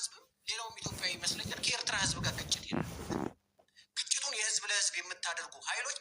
ህዝብ ሌላውም ኢትዮጵያ ይመስለኛል ከኤርትራ ህዝብ ጋር ግጭት የለም። ግጭቱን የህዝብ ለህዝብ የምታደርጉ ኃይሎች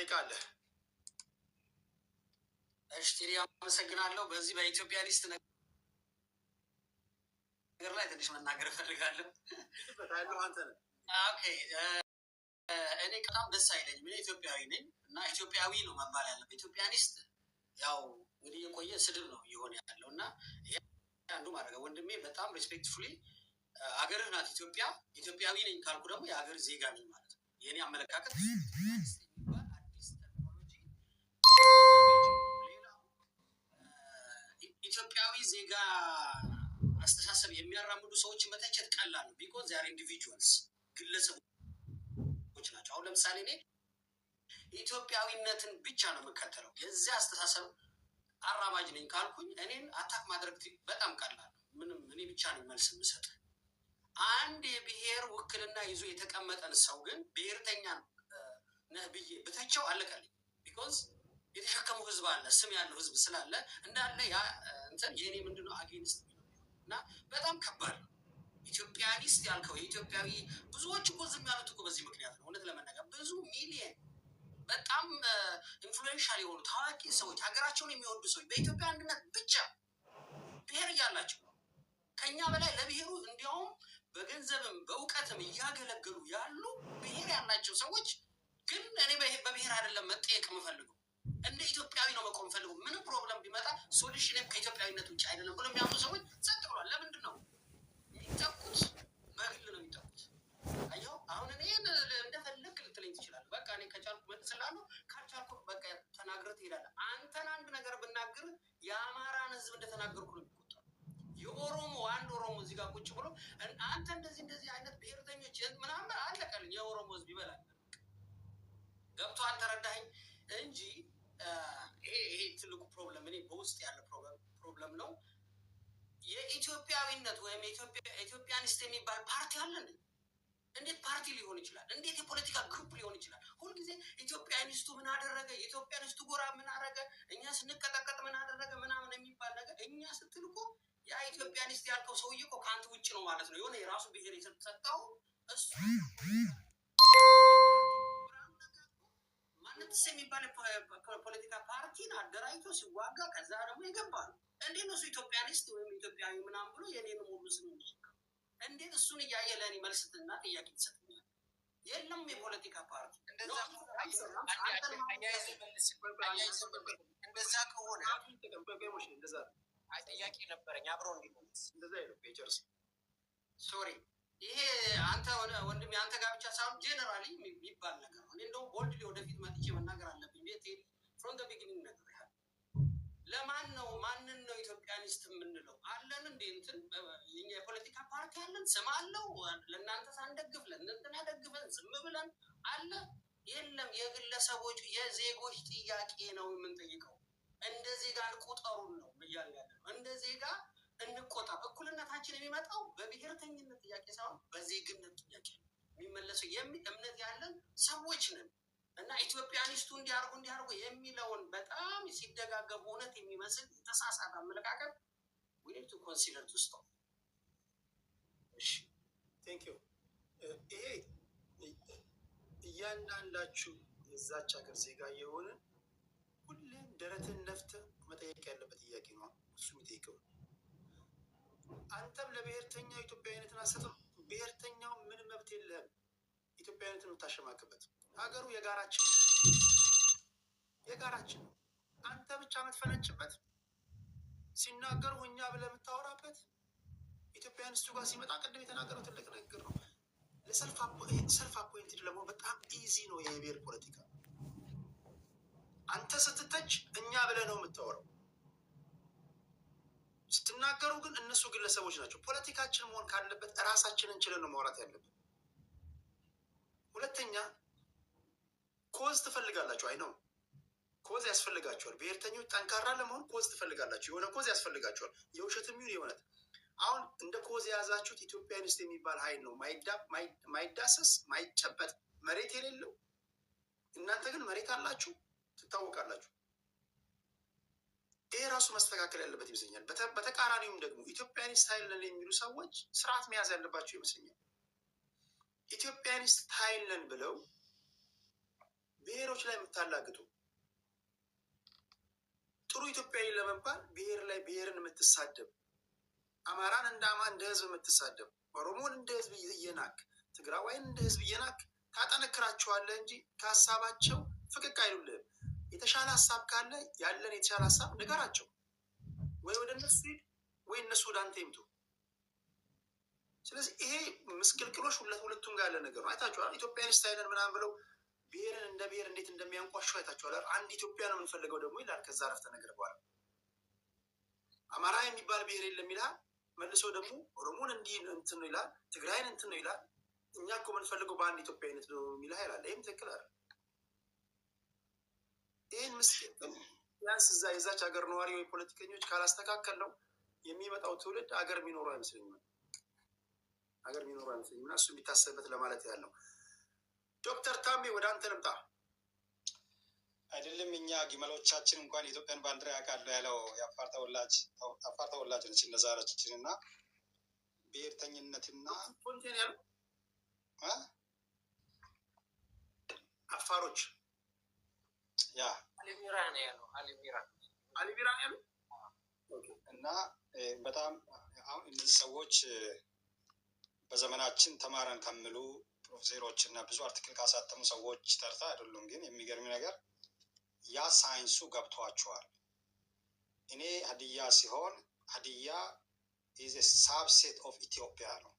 ደቂቃ አለ። እሺ አመሰግናለሁ። በዚህ በኢትዮጵያ ሊስት ነገር ላይ ትንሽ መናገር እፈልጋለሁ። እኔ በጣም ደስ አይለኝም። እኔ ኢትዮጵያዊ ነኝ እና ኢትዮጵያዊ ነው መባል ያለ ኢትዮጵያ ሊስት ያው እንግዲህ የቆየ ስድብ ነው እየሆነ ያለው እና አንዱ ማድረገ ወንድሜ በጣም ሬስፔክትፉሊ አገርህ ናት ኢትዮጵያ። ኢትዮጵያዊ ነኝ ካልኩ ደግሞ የሀገር ዜጋ ነኝ ማለት ነው የእኔ አመለካከት ዜጋ አስተሳሰብ የሚያራምዱ ሰዎችን መተቸት ቀላል ነው። ቢኮዝ ዛሬ ኢንዲቪጁዋልስ ግለሰቦች ናቸው። አሁን ለምሳሌ እኔ ኢትዮጵያዊነትን ብቻ ነው የምከተለው የዚ አስተሳሰብ አራማጅ ነኝ ካልኩኝ እኔን አታክ ማድረግ በጣም ቀላል ምንም እኔ ብቻ ነኝ መልስ የምሰጥ። አንድ የብሔር ውክልና ይዞ የተቀመጠን ሰው ግን ብሔርተኛ ነህ ብዬ ብተቸው አለቀልኝ ቢኮዝ የተሸከመው ህዝብ አለ፣ ስም ያለው ህዝብ ስላለ እንዳለ ያ እንትን የእኔ ምንድነው አጌንስት እና በጣም ከባድ ነው። ኢትዮጵያኒስት ያልከው የኢትዮጵያዊ ብዙዎች እኮ ዝም ያሉት እኮ በዚህ ምክንያት ነው። እውነት ለመናገር ብዙ ሚሊየን በጣም ኢንፍሉዌንሻል የሆኑ ታዋቂ ሰዎች፣ ሀገራቸውን የሚወዱ ሰዎች በኢትዮጵያ አንድነት ብቻ ብሄር እያላቸው ከእኛ በላይ ለብሄሩ እንዲያውም በገንዘብም በእውቀትም እያገለገሉ ያሉ ብሄር ያላቸው ሰዎች ግን እኔ በብሄር አይደለም መጠየቅ የምፈልገው እንደ ኢትዮጵያዊ ነው መቆም ፈልጉ። ምንም ፕሮብለም ቢመጣ ሶሉሽንም ከኢትዮጵያዊነት ውጭ አይደለም ብሎ የሚያምኑ ሰዎች ጸጥ ብሏል። ለምንድን ነው የሚጠቁት? በግል ነው የሚጠቁት። አየኸው፣ አሁን እኔ እንደፈለግ ልትለኝ ትችላለህ። በቃ እኔ ከቻልኩ መልስልሃለሁ፣ ካልቻልኩ በቃ ተናግረ ትሄዳለህ። አንተን አንድ ነገር ብናገር የአማራን ህዝብ እንደተናገርኩ ነው የሚቆጠሩ። የኦሮሞ አንድ ኦሮሞ እዚህ ጋር ቁጭ ብሎ አንተ እንደዚህ እንደዚህ አይነት ብሔርተኞች ምናምን አለቀልኝ፣ የኦሮሞ ህዝብ ይበላል። ገብቶ ተረዳኸኝ እንጂ ይሄ ይሄ ትልቁ ፕሮብለም እኔ በውስጥ ያለ ፕሮብለም ነው። የኢትዮጵያዊነት ወይም ኢትዮጵያኒስት የሚባል ፓርቲ አለን። እንዴት ፓርቲ ሊሆን ይችላል? እንዴት የፖለቲካ ግሩፕ ሊሆን ይችላል? ሁልጊዜ ኢትዮጵያኒስቱ ምን አደረገ፣ የኢትዮጵያኒስቱ ጎራ ምን አደረገ፣ እኛ ስንቀጠቀጥ ምን አደረገ ምናምን የሚባል ነገር እኛ ስትል እኮ ያ ኢትዮጵያኒስት ያልከው ሰውዬ እኮ ከአንተ ውጭ ነው ማለት ነው። የሆነ የራሱ ብሔር የተሰጠው እሱ ደስ የሚባል ፖለቲካ ፓርቲን አደራጅቶ ሲዋጋ ከዛ ደግሞ ይገባል። እንዴት እሱ ኢትዮጵያኒስት ወይም ኢትዮጵያዊ ምናም ብሎ የኔን ሙሉ ስም እንዴት እሱን እያየ ለእኔ መልስትና ጥያቄ ትሰጥኛል? የለም የፖለቲካ ፓርቲ እንደዛ ከሆነ ጥያቄ ነበረኝ አብረው እንዲመልስ እንደዛ ጨርስ ሶሪ ይሄ አንተ ወንድም የአንተ ጋር ብቻ ሳይሆን ጄኔራሊ የሚባል ነገር ነው። እንደውም ቦልድ ወደፊት መጥቼ ውጤቴን ፍሮም ቢግኒንግ ነግሬሃለሁ። ለማን ነው ማንን ነው ኢትዮጵያኒስት የምንለው? አለን እንዴ እንትን የኛ የፖለቲካ ፓርቲ አለን፣ ስም አለው። ለእናንተ ሳንደግፍ ለእንትን ያደግፈን ዝም ብለን አለ የለም። የግለሰቦች የዜጎች ጥያቄ ነው የምንጠይቀው። እንደ ዜጋ አልቆጠሩን ነው እያለ ያለ ነው። እንደ ዜጋ እንቆጠር። እኩልነታችን የሚመጣው በብሔርተኝነት ጥያቄ ሳይሆን በዜግነት ጥያቄ ነው የሚመለሰው። የሚ እምነት ያለን ሰዎች ነን። እና ኢትዮጵያኒስቱ እንዲያርጉ እንዲያርጉ የሚለውን በጣም ሲደጋገም እውነት የሚመስል የተሳሳተ አመለካከት ዊኒቱ ኮንሲደር ውስጥ ነው። እሺ ቴንክ ዩ። ይሄ እያንዳንዳችሁ የዛች ሀገር ዜጋ የሆነ ሁሌም ደረትን ነፍተ መጠየቅ ያለበት ጥያቄ ነው። እሱ የሚጠይቀው አንተም ለብሔርተኛው ኢትዮጵያዊነትን አሰጠው። ብሔርተኛው ምን መብት የለህም ኢትዮጵያዊነትን የምታሸማቅበት ሀገሩ የጋራችን የጋራችን አንተ ብቻ የምትፈነጭበት ሲናገሩ እኛ ብለህ የምታወራበት ኢትዮጵያን እሱ ጋር ሲመጣ ቅድም የተናገረው ትልቅ ንግግር ነው። ለሰልፍ አፖይንትድ ደግሞ በጣም ኢዚ ነው የብሔር ፖለቲካ። አንተ ስትተች እኛ ብለህ ነው የምታወራው። ስትናገሩ ግን እነሱ ግለሰቦች ናቸው። ፖለቲካችን መሆን ካለበት እራሳችንን ችለን ነው ማውራት ያለብን። ሁለተኛ ኮዝ ትፈልጋላችሁ። አይ ነው ኮዝ ያስፈልጋችኋል። ብሔርተኞች ጠንካራ ለመሆን ኮዝ ትፈልጋላችሁ። የሆነ ኮዝ ያስፈልጋችኋል። የውሸትም ይሁን የእውነት አሁን እንደ ኮዝ የያዛችሁት ኢትዮጵያኒስት የሚባል ሀይል ነው። ማይዳሰስ ማይጨበጥ መሬት የሌለው እናንተ ግን መሬት አላችሁ፣ ትታወቃላችሁ። ይሄ ራሱ መስተካከል ያለበት ይመስለኛል። በተቃራኒውም ደግሞ ኢትዮጵያኒስት ሀይል ነን የሚሉ ሰዎች ስርዓት መያዝ ያለባቸው ይመስለኛል። ኢትዮጵያኒስት ኃይል ነን ብለው ብሔሮች ላይ የምታላግጡ ጥሩ ኢትዮጵያዊ ለመባል ብሔር ላይ ብሔርን የምትሳደብ አማራን እንደ አማ እንደ ህዝብ የምትሳደብ ኦሮሞን እንደ ህዝብ እየናክ ትግራዋይን እንደ ህዝብ እየናክ ታጠነክራችኋለህ እንጂ ከሀሳባቸው ፍቅቅ አይሉልህም። የተሻለ ሀሳብ ካለ ያለን የተሻለ ሀሳብ ንገራቸው። ወይ ወደ እነሱ ሂድ፣ ወይ እነሱ ወደ አንተ ይምጡ። ስለዚህ ይሄ ምስቅልቅሎች ሁለት ሁለቱም ጋር ያለ ነገር ነው። አይታችኋል። ኢትዮጵያን ስታይለን ምናምን ብለው ብሔርን እንደ ብሔር እንዴት እንደሚያንቋሹ አይታችኋል። አንድ ኢትዮጵያ ነው የምንፈልገው ደግሞ ይላል። ከዛ ረፍተ ነገር በኋላ አማራ የሚባል ብሔር የለም ይላል። መልሶ ደግሞ ኦሮሞን እንዲህ እንትን ነው ይላል። ትግራይን እንትን ነው ይላል። እኛ እኮ የምንፈልገው በአንድ አይነት ነው የሚል ይላል። ይህም ትክክል አለ። ይህን ምስቅልቅል ቢያንስ እዛ የዛች ሀገር ነዋሪ ወይ ፖለቲከኞች ካላስተካከል ነው የሚመጣው ትውልድ ሀገር የሚኖሩ አይመስለኝም። ሀገር የሚኖሩ አይመስለኝም እና እሱ የሚታሰብበት ለማለት ያለው ዶክተር ታሜ ወደ አንተ ልምጣ። አይደለም እኛ ግመሎቻችን እንኳን የኢትዮጵያን ባንዲራ ያውቃሉ ያለው የአፋር ተወላጅ አፋር ተወላጅ ነች ነዛረችን እና ብሔርተኝነትና አፋሮች ያ አሊሚራ ነው ያለው አሊሚራ አሊሚራ ነው እና በጣም አሁን እነዚህ ሰዎች በዘመናችን ተማረን ከሚሉ ፕሮፌሰሮች እና ብዙ አርቲክል ካሳተሙ ሰዎች ተርታ አይደሉም። ግን የሚገርም ነገር ያ ሳይንሱ ገብቷቸዋል። እኔ ሀዲያ ሲሆን ሀዲያ ኢዝ ሳብሴት ኦፍ ኢትዮጵያ ነው።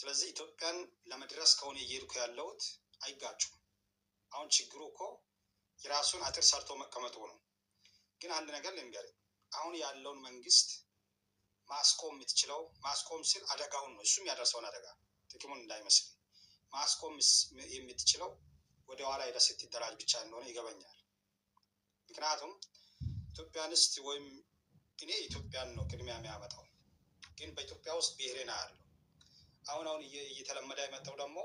ስለዚህ ኢትዮጵያን ለመድረስ ከሆነ እየሄድኩ ያለሁት አይጋጩም። አሁን ችግሩ እኮ የራሱን አጥር ሰርቶ መቀመጡ ነው። ግን አንድ ነገር ልንገር፣ አሁን ያለውን መንግስት ማስቆም የምትችለው ማስቆም ስል አደጋውን ነው እሱም ያደርሰውን አደጋ ጥቅሙን እንዳይመስል ማስቆም የምትችለው ወደ ኋላ ሄዳ ስትደራጅ ብቻ እንደሆነ ይገባኛል። ምክንያቱም ኢትዮጵያንስት ወይም እኔ ኢትዮጵያን ነው ቅድሚያ የሚያመጣው፣ ግን በኢትዮጵያ ውስጥ ብሔሬን አያለው። አሁን አሁን እየተለመደ የመጣው ደግሞ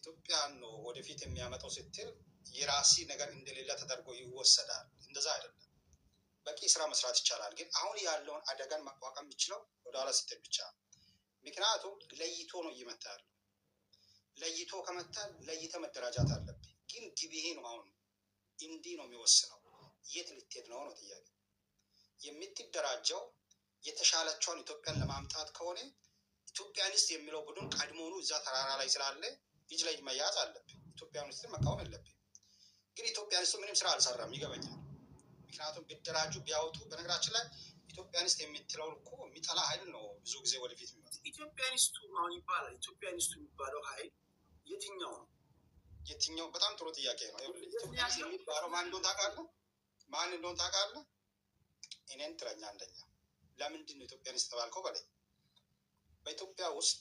ኢትዮጵያን ነው ወደፊት የሚያመጣው ስትል የራሲ ነገር እንደሌለ ተደርጎ ይወሰዳል። እንደዛ አይደለም። በቂ ስራ መስራት ይቻላል። ግን አሁን ያለውን አደጋን መቋቋም የሚችለው ወደኋላ ስትል ብቻ። ምክንያቱም ለይቶ ነው እየመታ ያለ። ለይቶ ከመታ ለይተ መደራጃት አለብህ። ግን ግብሄ ነው አሁን እንዲህ ነው የሚወስነው። የት ልትሄድ ነው ነው ጥያቄ። የምትደራጀው የተሻለችውን ኢትዮጵያን ለማምጣት ከሆነ ኢትዮጵያኒስት የሚለው ቡድን ቀድሞኑ እዛ ተራራ ላይ ስላለ ልጅ ለእጅ መያዝ አለብ። ኢትዮጵያኒስትን መቃወም አለብ። ግን ኢትዮጵያኒስቱ ምንም ስራ አልሰራም፣ ይገበኛል ምክንያቱም ብድራችሁ ቢያወጡ በነገራችን ላይ ኢትዮጵያኒስት የምትለው እኮ የሚጠላ ሀይል ነው ብዙ ጊዜ ወደፊት የሚመጣው ኢትዮጵያኒስቱ አሁን ይባላል። ኢትዮጵያኒስቱ የሚባለው ሀይል የትኛው ነው? የትኛው በጣም ጥሩ ጥያቄ ነው። ኢትዮጵያኒስት የሚባለው ማን እንደሆን ታውቃለህ? ማን እንደሆን ታውቃለህ? እኔን ትረኛ አንደኛ ለምንድን ነው ኢትዮጵያኒስት ተባልከው በለኝ። በኢትዮጵያ ውስጥ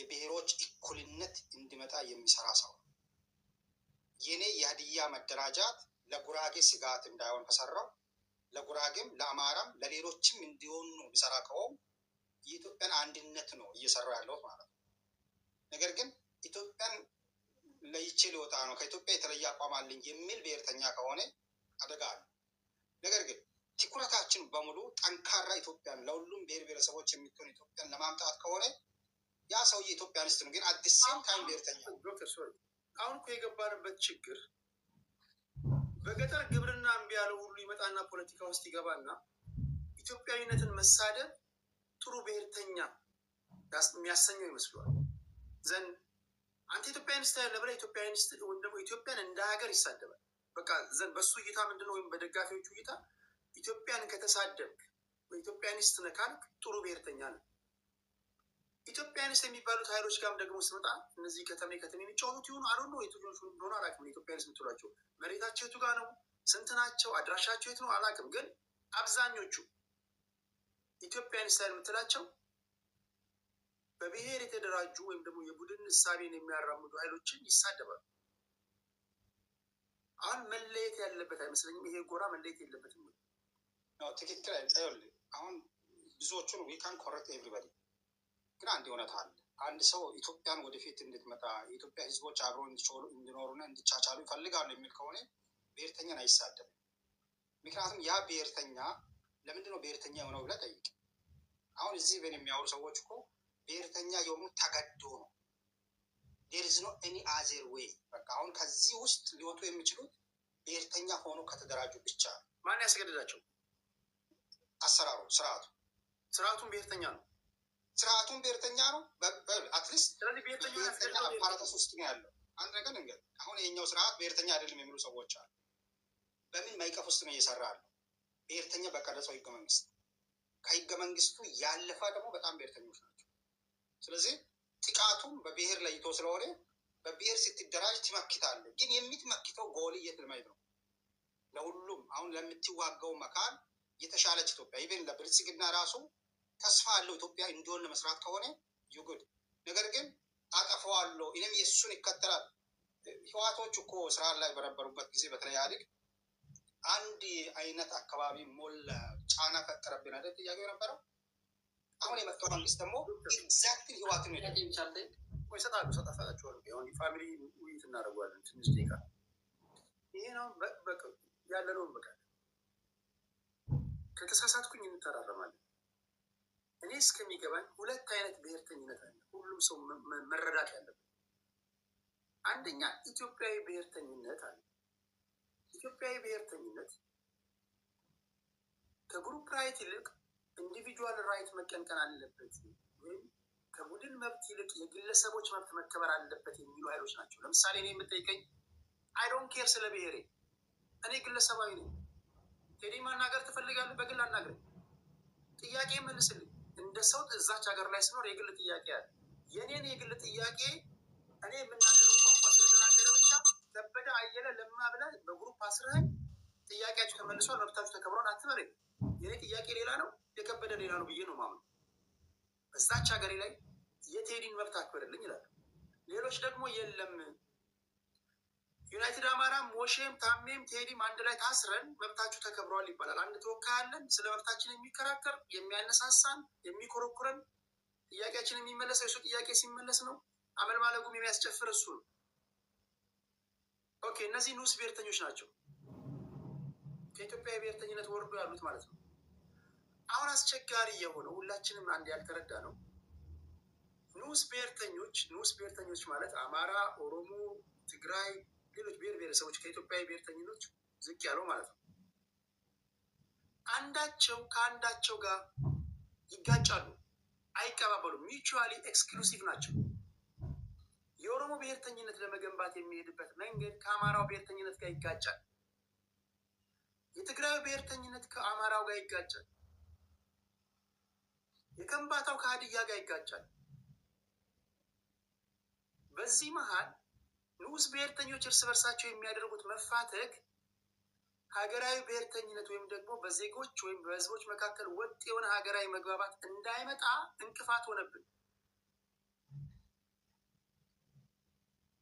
የብሔሮች እኩልነት እንዲመጣ የሚሰራ ሰው የእኔ የሀዲያ መደራጃት ለጉራጌ ስጋት እንዳይሆን ከሰራው ለጉራጌም ለአማራም ለሌሎችም እንዲሆኑ ቢሰራ ከሆም የኢትዮጵያን አንድነት ነው እየሰራ ያለሁት ማለት ነው። ነገር ግን ኢትዮጵያን ለይቼ ሊወጣ ነው ከኢትዮጵያ የተለየ አቋም አለኝ የሚል ብሔርተኛ ከሆነ አደጋ አለ። ነገር ግን ትኩረታችን በሙሉ ጠንካራ ኢትዮጵያን ለሁሉም ብሔር ብሔረሰቦች የሚትሆን ኢትዮጵያን ለማምጣት ከሆነ ያ ሰውዬ ኢትዮጵያኒስት ነው። ግን አዲስ ሴም ታይም ብሔርተኛ አሁን እኮ የገባንበት ችግር በገጠር ግብርና እምቢ ያለው ሁሉ ይመጣና ፖለቲካ ውስጥ ይገባና ኢትዮጵያዊነትን መሳደብ ጥሩ ብሔርተኛ የሚያሰኘው ይመስለዋል ዘን አንተ ኢትዮጵያኒስት ያለ ብላ ኢትዮጵያኒስት ወይም ደግሞ ኢትዮጵያን እንደ ሀገር ይሳደባል። በቃ ዘን በሱ እይታ ምንድነው ወይም በደጋፊዎቹ እይታ ኢትዮጵያን ከተሳደብክ በኢትዮጵያኒስት ነካልክ ጥሩ ብሔርተኛ ነው። ኢትዮጵያንስት የሚባሉት ሀይሎች ጋርም ደግሞ ስመጣ እነዚህ ከተሜ ከተሜ የሚጫወቱት ይሆኑ አሮ ነው የትኞቹ እንደሆኑ አላውቅም። ኢትዮጵያንስት የምትሏቸው መሬታቸው የቱ ጋር ነው? ስንት ናቸው? አድራሻቸው የት ነው? አላውቅም። ግን አብዛኞቹ ኢትዮጵያንስት ሀይል የምትላቸው በብሔር የተደራጁ ወይም ደግሞ የቡድን እሳቤን የሚያራምዱ ሀይሎችን ይሳደባሉ። አሁን መለየት ያለበት አይመስለኝም። ይሄ ጎራ መለየት የለበትም። ትክክል። አሁን ብዙዎቹን ዊካን ኮረክት ኤቭሪባዲ ግን አንድ እውነት አለ። አንድ ሰው ኢትዮጵያን ወደፊት እንድትመጣ የኢትዮጵያ ህዝቦች አብረው እንዲኖሩና እንዲቻቻሉ ይፈልጋሉ የሚል ከሆነ ብሔርተኛን አይሳደብም። ምክንያቱም ያ ብሔርተኛ ለምንድን ነው ብሔርተኛ የሆነው ብለህ ጠይቅ። አሁን እዚህ ብን የሚያወሩ ሰዎች እኮ ብሔርተኛ የሆኑ ተገዶ ነው። ዴርዝ ነው ኤኒ አዜር ዌይ። በቃ አሁን ከዚህ ውስጥ ሊወጡ የሚችሉት ብሔርተኛ ሆኖ ከተደራጁ ብቻ ማን ያስገድዳቸው? አሰራሩ፣ ስርዓቱ። ስርዓቱም ብሔርተኛ ነው። ስርዓቱን ብሔርተኛ ነው። አትሊስት አፓራተስ ውስጥ ነው ያለው። አንድ ነገር እንግዲህ አሁን የኛው ስርዓት ብሔርተኛ አይደለም የሚሉ ሰዎች አሉ። በምን ማዕቀፍ ውስጥ ነው እየሰራ ያለው? ብሔርተኛ በቀረጸው ህገ መንግስት፣ ከህገ መንግስቱ ያለፈ ደግሞ በጣም ብሔርተኞች ናቸው። ስለዚህ ጥቃቱም በብሔር ለይቶ ስለሆነ በብሔር ስትደራጅ ትመክታለ። ግን የምትመክተው ጎል የት ነው? ለሁሉም አሁን ለምትዋጋው መካል የተሻለች ኢትዮጵያ ይብን ለብልጽግና ራሱ ተስፋ አለው ኢትዮጵያ እንዲሆን ለመስራት ከሆነ ይጉድ። ነገር ግን አጠፈዋለሁ እኔም የእሱን ይከተላል። ህዋቶች እኮ ስራ ላይ በነበሩበት ጊዜ በተለይ አድግ አንድ አይነት አካባቢ ሞል ጫና ፈጠረብን አይደል? ጥያቄው ነበረው። አሁን የመጣው መንግስት ደግሞ ኤግዛክት ህዋት ነው ይቻለኝ ይሰጣሉ ሰጣፈጣቸዋል ሆን ፋሚሊ ውይይት እናደርገዋለን። ትንሽ ደቂቃ ይሄ ነው ያለነውን በቃ ከተሳሳትኩኝ እንተራረማለን። እኔ እስከሚገባኝ ሁለት አይነት ብሔርተኝነት አለ፣ ሁሉም ሰው መረዳት ያለበት። አንደኛ ኢትዮጵያዊ ብሔርተኝነት አለ። ኢትዮጵያዊ ብሔርተኝነት ከግሩፕ ራይት ይልቅ ኢንዲቪጁዋል ራይት መቀንቀን አለበት ወይም ከቡድን መብት ይልቅ የግለሰቦች መብት መከበር አለበት የሚሉ ኃይሎች ናቸው። ለምሳሌ እኔ የምጠይቀኝ አይዶን ኬር ስለ ብሔሬ፣ እኔ ግለሰባዊ ነኝ። ቴዲ ማናገር ትፈልጋለህ? በግል አናገር፣ ጥያቄ መልስልኝ። እንደ ሰው እዛች ሀገር ላይ ስኖር የግል ጥያቄ አለ። የኔን የግል ጥያቄ እኔ የምናገረው ቋንቋ ስለተናገረ ብቻ ከበደ አየለ ለማ ብለህ በግሩፕ አስረህን ጥያቄያችሁ ተመልሷል፣ መብታችሁ ተከብሯል አትበለኝ። የኔ ጥያቄ ሌላ ነው፣ የከበደ ሌላ ነው ብዬ ነው ማምነው። እዛች ሀገሬ ላይ የቴዲን መብት አክብርልኝ ይላል። ሌሎች ደግሞ የለም ዩናይትድ አማራ ሞሼም ታሜም ቴዲም አንድ ላይ ታስረን መብታችሁ ተከብረዋል ይባላል። አንድ ተወካይ አለን፣ ስለ መብታችን የሚከራከር የሚያነሳሳን፣ የሚኮረኩረን ጥያቄያችን የሚመለሰው የሱ ጥያቄ ሲመለስ ነው። ማለጉም የሚያስጨፍር እሱ ነው። ኦኬ፣ እነዚህ ንዑስ ብሔርተኞች ናቸው። ከኢትዮጵያ የብሔርተኝነት ወርዶ ያሉት ማለት ነው። አሁን አስቸጋሪ የሆነው ሁላችንም አንድ ያልተረዳ ነው። ንዑስ ብሔርተኞች ንዑስ ብሔርተኞች ማለት አማራ፣ ኦሮሞ፣ ትግራይ ሌሎች ብሔር ብሔረሰቦች ከኢትዮጵያዊ ብሔርተኝኖች ዝቅ ያለው ማለት ነው። አንዳቸው ከአንዳቸው ጋር ይጋጫሉ፣ አይቀባበሉም። ሚቹዋሊ ኤክስክሉሲቭ ናቸው። የኦሮሞ ብሔርተኝነት ለመገንባት የሚሄድበት መንገድ ከአማራው ብሔርተኝነት ጋር ይጋጫል። የትግራዩ ብሔርተኝነት ከአማራው ጋር ይጋጫል። የከንባታው ከሀዲያ ጋር ይጋጫል። በዚህ መሀል ንዑስ ብሔርተኞች እርስ በርሳቸው የሚያደርጉት መፋተግ ሀገራዊ ብሔርተኝነት ወይም ደግሞ በዜጎች ወይም በህዝቦች መካከል ወጥ የሆነ ሀገራዊ መግባባት እንዳይመጣ እንቅፋት ሆነብን።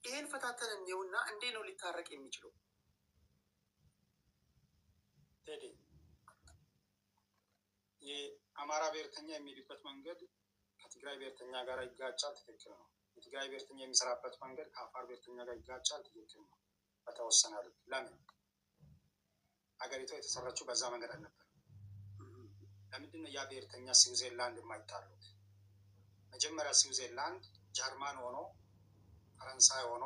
ይህን ፈታተን እንየውና እንዴ ነው ሊታረቅ የሚችለው? ቴዲ የአማራ ብሔርተኛ የሚሄድበት መንገድ ከትግራይ ብሔርተኛ ጋር ይጋጫል። ትክክል ነው። ትግራይ ብሔርተኛ የሚሰራበት መንገድ ከአፋር ብሔርተኛ ጋር ይጋጫል። ትክክል ነው በተወሰነ ልክ። ለምን ሀገሪቷ የተሰራችው በዛ መንገድ አልነበር። ለምንድን ነው ያ ብሔርተኛ ስዊዘርላንድ የማይጣሉት? መጀመሪያ ስዊዘርላንድ ጀርማን ሆኖ ፈረንሳይ ሆኖ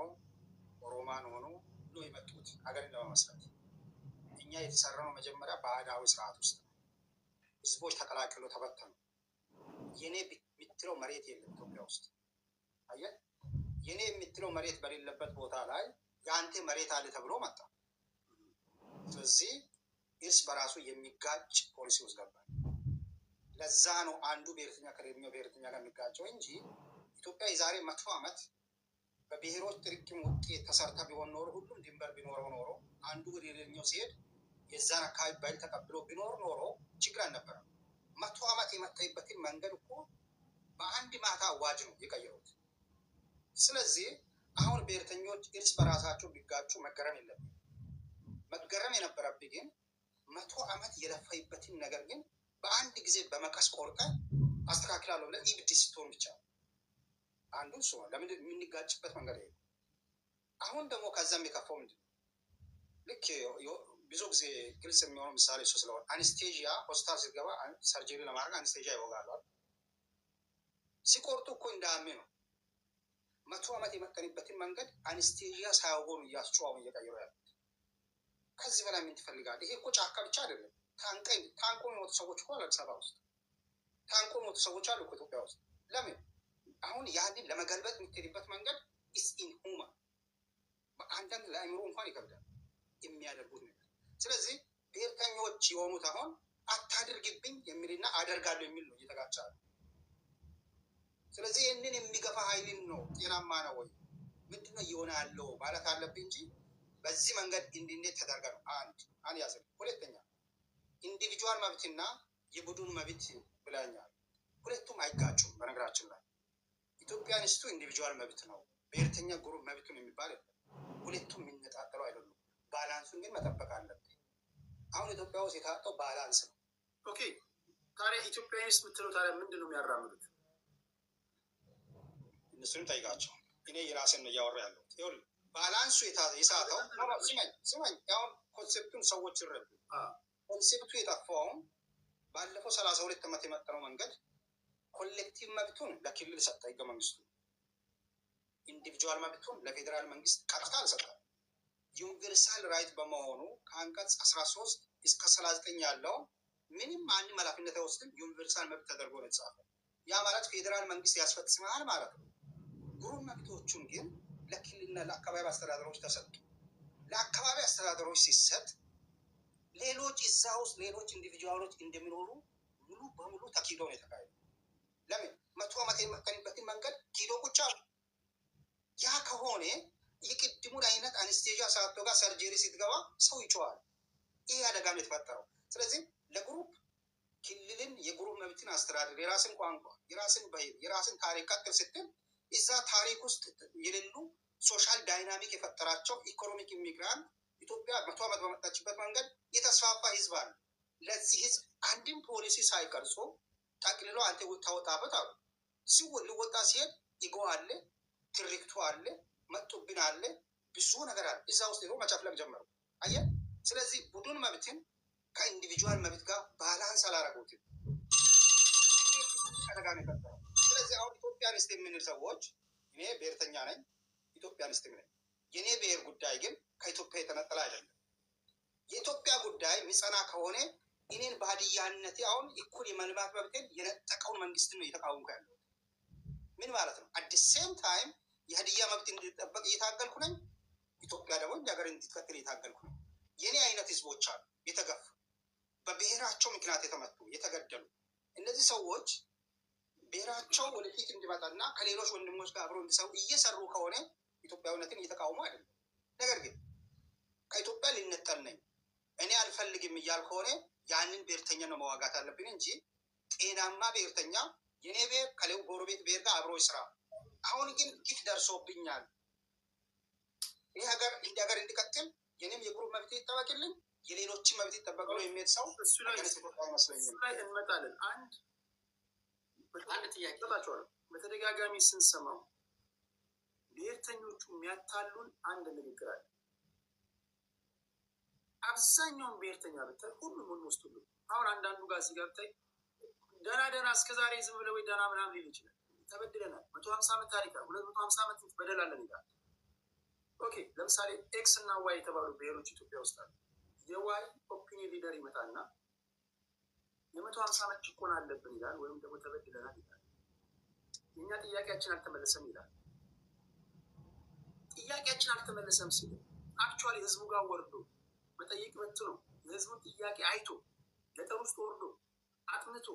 ኦሮማን ሆኖ ብሎ የመጡት ሀገርን ለመመስረት። እኛ የተሰራነው መጀመሪያ በአዳዊ ስርዓት ውስጥ ነው። ህዝቦች ተቀላቅሎ ተበተኑ። የኔ የምትለው መሬት የለም ኢትዮጵያ ውስጥ አየህ የኔ የምትለው መሬት በሌለበት ቦታ ላይ የአንተ መሬት አለ ተብሎ መጣ። ስለዚህ እርስ በራሱ የሚጋጭ ፖሊሲ ውስጥ ገባል። ለዛ ነው አንዱ ብሔርተኛ ከሌላኛው ብሔርተኛ ጋር የሚጋጨው እንጂ ኢትዮጵያ የዛሬ መቶ ዓመት በብሔሮች ጥርቅም ውጤት ተሰርታ ቢሆን ኖሮ ሁሉም ድንበር ቢኖረው ኖሮ አንዱ ወደ ሌላኛው ሲሄድ የዛን አካባቢ ባህል ተቀብሎ ቢኖር ኖሮ ችግር አልነበረም። መቶ ዓመት የመታይበትን መንገድ እኮ በአንድ ማታ አዋጅ ነው የቀየሩት። ስለዚህ አሁን ብሔርተኞች እርስ በራሳቸው ቢጋጩ መገረም የለብን። መገረም የነበረብህ ግን መቶ ዓመት የለፋይበትን ነገር ግን በአንድ ጊዜ በመቀስ ቆርጠ አስተካክላለሁ ብለህ ኢብድ ስትሆን ብቻ አንዱ እሱ ለምን የምንጋጭበት መንገድ ይሄ። አሁን ደግሞ ከዛም የከፋው ምንድን ነው? ልክ ብዙ ጊዜ ግልጽ የሚሆነው ምሳሌ እሱ ስለሆነ አንስቴዥያ ሆስፒታል ስትገባ ሰርጀሪ ለማድረግ አንስቴዥያ ይወጋሉ። ሲቆርጡ እኮ እንዳያሜ ነው መቶ ዓመት የመከንበትን መንገድ አንስቴዥያ ሳያጎኑ እያስጨዋሙ እየቀየሩ ያሉት ከዚህ በላይ ምን ትፈልጋለህ? ይሄ እኮ ጫካ ብቻ አይደለም። ታንቀኝ ታንቆ የሞቱ ሰዎች እኮ አዲስ አበባ ውስጥ ታንቆ የሞቱ ሰዎች አሉ ኢትዮጵያ ውስጥ። ለምን አሁን ያንን ለመገልበጥ የምትሄድበት መንገድ ኢስ ኢን ሁማ በአንዳንድ ለአእምሮ እንኳን ይከብዳል የሚያደርጉት ነገር። ስለዚህ ብሔርተኞች የሆኑት አሁን አታድርግብኝ የሚልና አደርጋለሁ የሚል ነው እየተጋጫሉ ስለዚህ ይህንን የሚገፋ ኃይልን ነው ጤናማ ነው ወይ ምንድን ነው እየሆነ ያለው ማለት አለብህ እንጂ በዚህ መንገድ እንድኔ ተደርገ ነው። አንድ አንድ ያዘ። ሁለተኛ ኢንዲቪጁዋል መብትና የቡድኑ መብት ብለኛል። ሁለቱም አይጋጩም። በነገራችን ላይ ንስቱ ኢንዲቪጁዋል መብት ነው፣ ብሔርተኛ ግሩፕ መብቱን የሚባል ሁለቱም የሚነጣጠሉ አይደሉም። ባላንሱን ግን መጠበቅ አለብ አሁን ኢትዮጵያ ውስጥ የታጠው ባላንስ ነው። ኦኬ ታዲያ ኢትዮጵያንስት የምትለው ታዲያ ምንድን ነው የሚያራምዱት? እነሱንም ጠይቃቸው። እኔ የራሴን ነው እያወራ ያለው። ይኸውልህ ባላንሱ የሳተው ስመኝ ስመኝ አሁን ኮንሴፕቱን ሰዎች ይረዱ። ኮንሴፕቱ የጠፋውም ባለፈው ሰላሳ ሁለት ዓመት የመጠነው መንገድ ኮሌክቲቭ መብቱን ለክልል ሰጠ ህገ መንግስቱ፣ ኢንዲቪጁዋል መብቱን ለፌዴራል መንግስት ቀጥታ አልሰጠም። ዩኒቨርሳል ራይት በመሆኑ ከአንቀጽ አስራ ሶስት እስከ ሰላሳ ዘጠኝ ያለው ምንም አንድ ኃላፊነት አይወስድም። ዩኒቨርሳል መብት ተደርጎ ነው የተጻፈው። ያ ማለት ፌዴራል መንግስት ያስፈጽማል ማለት ነው። ግሩም መብቶቹን ግን ለክልልና ለአካባቢ አስተዳደሮች ተሰጡ። ለአካባቢ አስተዳደሮች ሲሰጥ ሌሎች እዛ ውስጥ ሌሎች ኢንዲቪጁዋሎች እንደሚኖሩ ሙሉ በሙሉ ተኪዶ ነው የተካሄደ። ለምን መቶ ዓመት የመከንበትን መንገድ ኪዶ ቁጭ አሉ። ያ ከሆነ የቅድሙን አይነት አነስቴዣ ሰዓቶ ጋር ሰርጀሪ ስትገባ ሰው ይችዋል ይህ አደጋ ነው የተፈጠረው። ስለዚህ ለግሩፕ ክልልን የግሩፕ መብትን አስተዳደር የራስን ቋንቋ፣ የራስን ባህል፣ የራስን ታሪክ ቀጥል ስትል እዛ ታሪክ ውስጥ የሌሉ ሶሻል ዳይናሚክ የፈጠራቸው ኢኮኖሚክ ኢሚግራንት ኢትዮጵያ መቶ ዓመት በመጣችበት መንገድ የተስፋፋ ህዝብ አለ። ለዚህ ህዝብ አንድም ፖሊሲ ሳይቀርጾ ጠቅልሎ አንተ ታወጣበት አሉ። ሲው ልወጣ ሲሄድ ኢጎ አለ፣ ትርክቱ አለ፣ መጡብን አለ፣ ብዙ ነገር አለ። እዛ ውስጥ ደግሞ መጨፍለም ጀመሩ። አየ ስለዚህ ቡድን መብትን ከኢንዲቪጁዋል መብት ጋር ባላንስ አላረጉትም። ተደጋሚ ኢትዮጵያኒስት የምንል ሰዎች እኔ ብሔርተኛ ነኝ፣ ኢትዮጵያኒስትም ነኝ። የእኔ ብሔር ጉዳይ ግን ከኢትዮጵያ የተነጠለ አይደለም። የኢትዮጵያ ጉዳይ ሚጸና ከሆነ እኔን በሀዲያነቴ አሁን እኩል የመልማት መብቴን የነጠቀውን መንግስት ነው እየተቃወምኩ ያለው። ምን ማለት ነው? አት ሴም ታይም የሀዲያ መብት እንዲጠበቅ እየታገልኩ ነኝ። ኢትዮጵያ ደግሞ እንደ ሀገር እንድትቀጥል እየታገልኩ ነው። የእኔ አይነት ህዝቦች አሉ የተገፉ በብሔራቸው ምክንያት የተመቱ የተገደሉ እነዚህ ሰዎች ብሔራቸው ወደፊት እንዲመጣና ከሌሎች ወንድሞች ጋር አብሮ እንዲሰሩ እየሰሩ ከሆነ ኢትዮጵያዊነትን እየተቃውሞ አይደለም። ነገር ግን ከኢትዮጵያ ልነጠል ነኝ እኔ አልፈልግም እያል ከሆነ ያንን ብሔርተኛ ነው መዋጋት አለብን እንጂ ጤናማ ብሔርተኛ የኔ ብሔር ከሌው ጎረቤት ብሔር ጋር አብሮ ይስራ፣ አሁን ግን ግፍ ደርሶብኛል፣ ይህ ሀገር እንዲ ሀገር እንዲቀጥል የኔም የጉሩብ መብት ይጠበቅልኝ፣ የሌሎችን መብት ይጠበቅ ነው የሚሄድ ሰው አንድ ጥያቄላቸዋለሁ በተደጋጋሚ ስንሰማው ብሔርተኞቹ የሚያታሉን አንድ ንግግር አለ። አብዛኛውን ብሔርተኛ ብታይ ሁሉም ንወስድ ሁሉ አሁን አንዳንዱ ጋር እዚህ ጋር ብታይ ደና ደህና እስከዛሬ ዝም ብለህ ወይ ደና ምናምን ሊል ይችላል። ተበድለናል፣ መቶ ሀምሳ ዓመት ታሪክ አለ፣ ሁለት መቶ ሀምሳ ዓመት በደላለን ይላል። ኦኬ ለምሳሌ ኤክስ እና ዋይ የተባሉ ብሔሮች ኢትዮጵያ ውስጥ አሉ። የዋይ ኦፒኒየን ሊደር ይመጣልና የመቶ ሀምሳ ዓመት ጭቆና አለብን ይላል፣ ወይም ደግሞ ተበድለናል ይላል። እኛ ጥያቄያችን አልተመለሰም ይላል። ጥያቄያችን አልተመለሰም ሲል አክቹዋሊ ህዝቡ ጋር ወርዶ መጠየቅ መብት ነው። የህዝቡን ጥያቄ አይቶ ገጠር ውስጥ ወርዶ አጥንቶ፣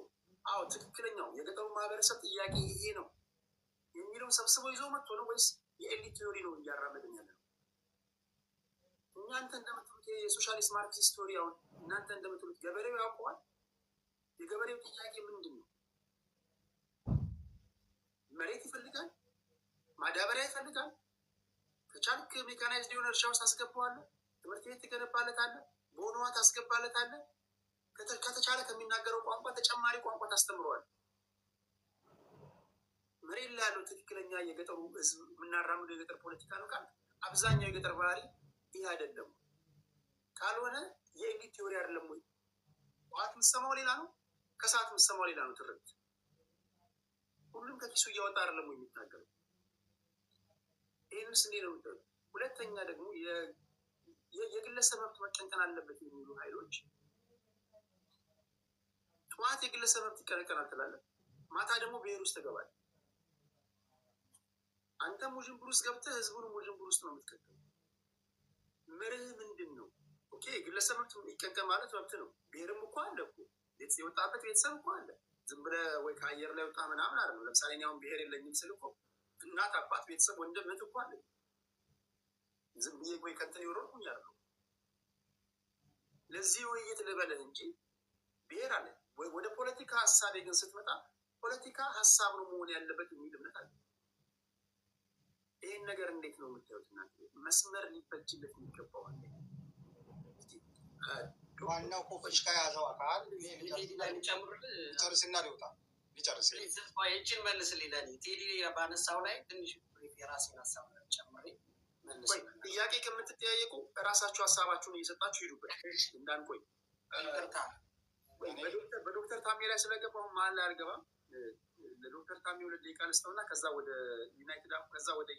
አዎ ትክክለኛው የገጠሩ ማህበረሰብ ጥያቄ ይሄ ነው የሚለውን ሰብስቦ ይዞ መጥቶ ነው ወይስ የኤሊት ቲዮሪ ነው እያራመድን ያለ ነው? እናንተ እንደምትሉት የሶሻሊስት ማርክሲስት ቲዮሪ አሁን እናንተ እንደምትሉት ገበሬው ያውቀዋል የገበሬው ጥያቄ ምንድን ነው? መሬት ይፈልጋል፣ ማዳበሪያ ይፈልጋል። ከቻልክ ሜካናይዝድ የሆነ እርሻ ውስጥ አስገባዋለህ፣ ትምህርት ቤት ትገነባለታለህ፣ በሆነ ውሃ አለ ከተቻለ ከሚናገረው ቋንቋ ተጨማሪ ቋንቋ ታስተምረዋል። መሬት ላይ ያለው ትክክለኛ የገጠሩ ህዝብ የምናራምደው የገጠር ፖለቲካ ነው ካል አብዛኛው የገጠር ባህሪ ይህ አይደለም። ካልሆነ የኤሊት ቴዎሪ አይደለም ወይ ጠዋት የምትሰማው ሌላ ነው ከሰዓት የምትሰማው ሌላ ነው ትርክት። ሁሉም ከኪሱ እያወጣ አይደለም የሚታገለው። ይህንስ እንዴ ነው ሁለተኛ ደግሞ የግለሰብ መብት መቀንቀን አለበት የሚሉ ኃይሎች ጠዋት የግለሰብ መብት ይቀነቀናል ትላለህ፣ ማታ ደግሞ ብሔር ውስጥ ትገባለህ። አንተም ውዥንብር ውስጥ ገብተህ ህዝቡንም ውዥንብር ውስጥ ነው የምትከተለው። መርህ ምንድን ነው? ኦኬ መብት ይቀንቀን ማለት መብት ነው። ብሔርም እኮ አለ እኮ የወጣበት ቤተሰብ እኮ አለ። ዝም ብለህ ወይ ከአየር ላይ ወጣ ምናምን አለ። ለምሳሌ እኔ ብሄር የለኝም ስል እኮ እናት፣ አባት፣ ቤተሰብ፣ ወንድም፣ እህት እኮ አለ። ዝም ብዬ ወይ ከንትን የወረድኩኝ አለ። ለዚህ ውይይት ልበልህ እንጂ ብሄር አለ። ወደ ፖለቲካ ሀሳቤ ግን ስትመጣ ፖለቲካ ሀሳብ ነው መሆን ያለበት የሚል እምነት አለ። ይህን ነገር እንዴት ነው የምታዩት? እና መስመር ሊበጅለት የሚገባዋል ዋናው ኮፈሽ ከያዘው አካል ጨርስና ሊወጣ ሊጨርስ ይችን መልስ ሊለን ቴዲ ባነሳው ላይ ትንሽ የራሴን ሀሳብ ጨምሬ ጥያቄ ከምትጠያየቁ እራሳችሁ ሀሳባችሁን እየሰጣችሁ ሂዱበት። እንዳንቆይ በዶክተር ታሜ ላይ ስለገባሁ መሀል ላይ አልገባም። ለዶክተር ታሜ ሁለት ደቂቃ ልስጠውና ከዛ ወደ ዩናይትድ ከዛ ወደ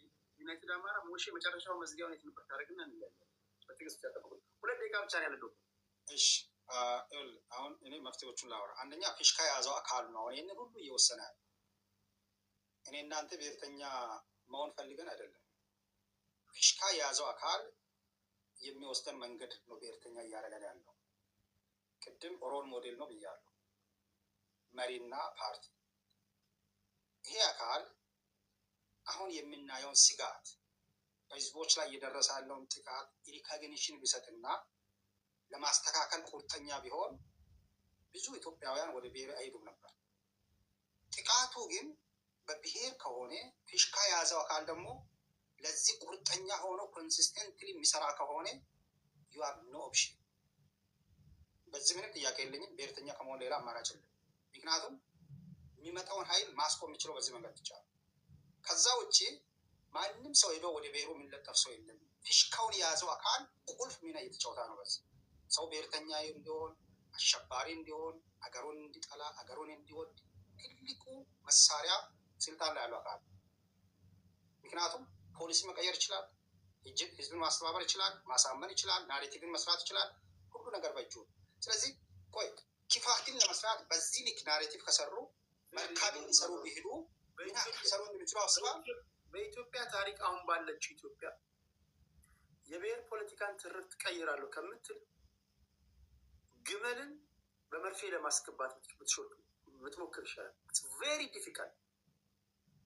ዩናይትድ አማራ ሞሼ መጨረሻው መዝጊያውን የትንበት ታደረግና እንላለን። በትዕግስት ሁለት ደቂቃ ብቻ ነው ያለ ዶክተር እሺ አሁን እኔ መፍትሄዎቹን ላወራ። አንደኛ እሽካ የያዘው አካል ነው። አሁን ይህንን ሁሉ እየወሰነ ያለ እኔ እናንተ ብሔርተኛ መሆን ፈልገን አይደለም። ፊሽካ የያዘው አካል የሚወስደን መንገድ ነው ብሄርተኛ እያደረገን ያለው። ቅድም ሮል ሞዴል ነው ብያለሁ፣ መሪና ፓርቲ። ይሄ አካል አሁን የምናየውን ስጋት በህዝቦች ላይ እየደረሰ ያለውን ጥቃት ሪኮግኒሽን ቢሰጥና ለማስተካከል ቁርጠኛ ቢሆን ብዙ ኢትዮጵያውያን ወደ ብሔር አይሄዱም ነበር። ጥቃቱ ግን በብሔር ከሆነ ፊሽካ የያዘው አካል ደግሞ ለዚህ ቁርጠኛ ሆኖ ኮንሲስተንትሊ የሚሰራ ከሆነ ዩ ሃቭ ኖ ኦፕሽን። በዚህ ምንም ጥያቄ የለኝም። ብሔርተኛ ከመሆን ሌላ አማራጭ የለም። ምክንያቱም የሚመጣውን ኃይል ማስቆም የሚችለው በዚህ መንገድ ብቻ ነው። ከዛ ውጭ ማንም ሰው ሄዶ ወደ ብሔሩ የሚለጠፍ ሰው የለም። ፊሽካውን የያዘው አካል ቁልፍ ሚና እየተጫወታ ነው በዚህ ሰው ብሔርተኛ እንዲሆን፣ አሸባሪ እንዲሆን፣ አገሩን እንዲጠላ፣ አገሩን እንዲወድ ትልቁ መሳሪያ ስልጣን ላይ ያሉ አካል። ምክንያቱም ፖሊሲ መቀየር ይችላል፣ ህዝብን ማስተባበር ይችላል፣ ማሳመን ይችላል፣ ናሬቲቭን መስራት ይችላል። ሁሉ ነገር በእጁ ስለዚህ ቆይ ኪፋትን ለመስራት በዚህ ልክ ናሬቲቭ ከሰሩ መርካቢን ሰሩ ቢሄዱ ሰሩ የሚችለው አስባል በኢትዮጵያ ታሪክ አሁን ባለችው ኢትዮጵያ የብሔር ፖለቲካን ትርክት ቀይራለሁ ከምትል ግመልን በመርፌ ለማስገባት ምትሾት ምትሞክር ይሻላል። ቬሪ ዲፊካልት።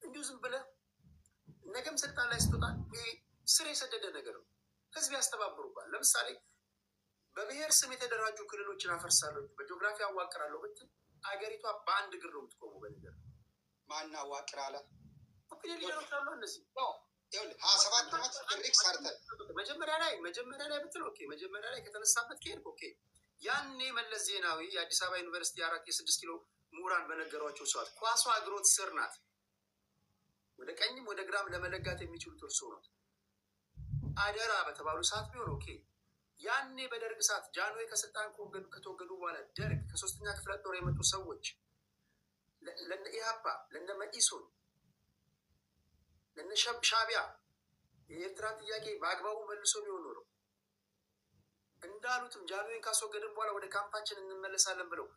እንዲሁ ዝም ብለህ ነገም ስልጣን ላይ ስትወጣ ስር የሰደደ ነገር ነው። ህዝብ ያስተባብሩባል። ለምሳሌ በብሔር ስም የተደራጁ ክልሎችን አፈርሳለሁ፣ በጂኦግራፊ አዋቅራለሁ ብትል አገሪቷ በአንድ እግር ነው የምትቆመው። በነገር ማና አዋቅር አለ ሌሎች እነዚህ ሰባት ዓመት ሪክ ሰርተን መጀመሪያ ላይ መጀመሪያ ላይ ብትል መጀመሪያ ላይ ከተነሳበት ከሄድክ ያኔ መለስ ዜናዊ የአዲስ አበባ ዩኒቨርሲቲ አራት የስድስት ኪሎ ምሁራን በነገሯቸው ሰዓት ኳሷ እግሮት ስር ናት፣ ወደ ቀኝም ወደ ግራም ለመለጋት የሚችሉት እርሶ ነው። አደራ በተባሉ ሰዓት ቢሆን ኦኬ። ያኔ በደርግ ሰዓት ጃንሆይ ከስልጣን ከተወገዱ በኋላ ደርግ ከሶስተኛ ክፍለ ጦር የመጡ ሰዎች ለነ ኢህአፓ፣ ለነ መኢሶን፣ ለነ ሻቢያ የኤርትራን ጥያቄ በአግባቡ መልሶ ቢሆን ኖረው እንዳሉትም ጃንሆይን ካስወገድን በኋላ ወደ ካምፓችን እንመለሳለን ብለው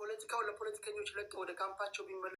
ፖለቲካውን ለፖለቲከኞች ለቀው ወደ ካምፓቸው ቢመለ